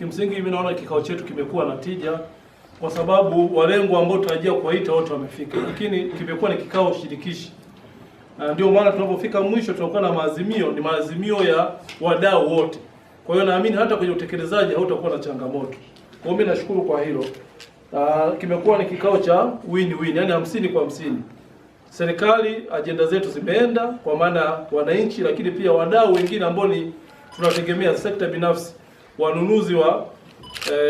Kimsingi mimi naona kikao chetu kimekuwa na tija, kwa sababu walengo ambao tunatarajia kuwaita wote wamefika, lakini kimekuwa ni kikao shirikishi, na ndio maana tunapofika mwisho tunakuwa na maazimio, ni maazimio ya wadau wote. Kwa hiyo naamini hata kwenye utekelezaji hautakuwa na changamoto. Kwa hiyo mimi nashukuru kwa hilo. Uh, kimekuwa ni kikao cha win win, yani hamsini kwa hamsini. Serikali ajenda zetu zimeenda kwa maana wananchi, lakini pia wadau wengine ambao ni tunategemea sekta binafsi wanunuzi wa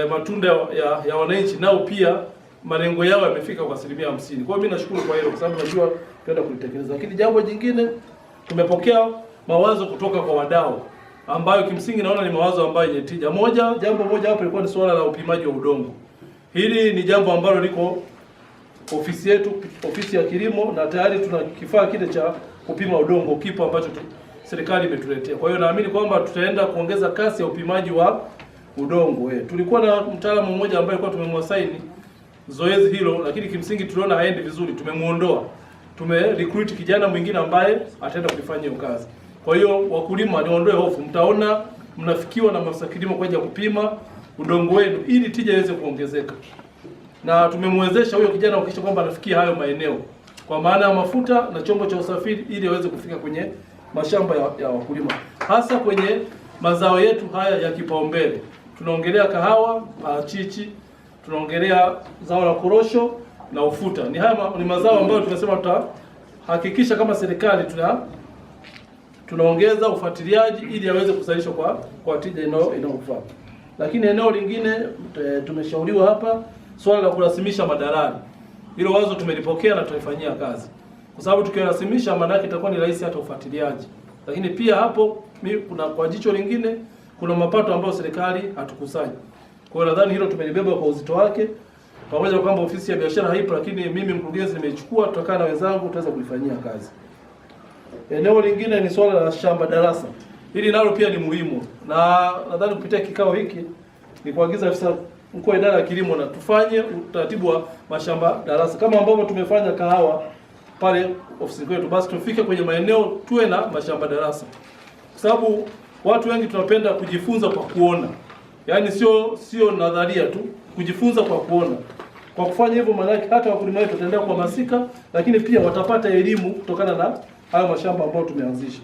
e, matunda ya, ya wananchi nao pia malengo yao yamefika kwa asilimia hamsini. Kwa hiyo mimi nashukuru kwa hilo, kwa sababu najua tuenda kulitekeleza. Lakini jambo jingine, tumepokea mawazo kutoka kwa wadau ambayo kimsingi naona ni mawazo ambayo yenye tija. Moja, jambo moja hapo ilikuwa ni suala la upimaji wa udongo. Hili ni jambo ambalo liko ofisi yetu, ofisi ya kilimo, na tayari tuna kifaa kile cha kupima udongo, kipo ambacho serikali imetuletea. Kwa hiyo naamini kwamba tutaenda kuongeza kasi ya upimaji wa udongo. Eh, tulikuwa na mtaalamu mmoja ambaye alikuwa tumemwasaini zoezi hilo, lakini kimsingi tuliona haendi vizuri, tumemuondoa. Tume recruit kijana mwingine ambaye ataenda kufanya hiyo kazi. Kwa hiyo wakulima, niondoe hofu, mtaona mnafikiwa na maafisa kilimo kwa ajili ya kupima udongo wenu ili tija iweze kuongezeka, na tumemwezesha huyo kijana kuhakikisha kwamba anafikia hayo maeneo, kwa maana ya mafuta na chombo cha usafiri, ili aweze kufika kwenye mashamba ya, ya wakulima hasa kwenye mazao yetu haya ya kipaumbele. Tunaongelea kahawa, parachichi, tunaongelea zao la korosho na ufuta. Ni haya ni mazao ambayo tunasema tutahakikisha kama serikali tuna tunaongeza ufuatiliaji ili yaweze kuzalishwa kwa kwa tija inayofaa. Lakini eneo lingine e, tumeshauriwa hapa swala la kurasimisha madarani, hilo wazo tumelipokea na tutaifanyia kazi kwa sababu tukirasimisha, maana yake itakuwa ni rahisi hata ufuatiliaji. Lakini pia hapo mi, kuna kwa jicho lingine, kuna mapato ambayo serikali hatukusanyi. Kwa hiyo nadhani hilo tumelibeba kwa uzito wake, pamoja na kwamba ofisi ya biashara haipo, lakini mimi mkurugenzi nimeichukua, tutakaa na wenzangu tutaweza kulifanyia kazi. Eneo lingine ni swala la shamba darasa, hili nalo pia ni muhimu, na nadhani kupitia kikao hiki ni kuagiza afisa mkuu wa idara ya kilimo na tufanye utaratibu wa mashamba darasa kama ambavyo tumefanya kahawa pale ofisini kwetu, basi tufike kwenye maeneo, tuwe na mashamba darasa, kwa sababu watu wengi tunapenda kujifunza kwa kuona, yaani sio sio nadharia tu, kujifunza kwa kuona. Kwa kufanya hivyo, maanake hata wakulima wetu wataendelea kuhamasika, lakini pia watapata elimu kutokana na hayo mashamba ambayo tumeanzisha.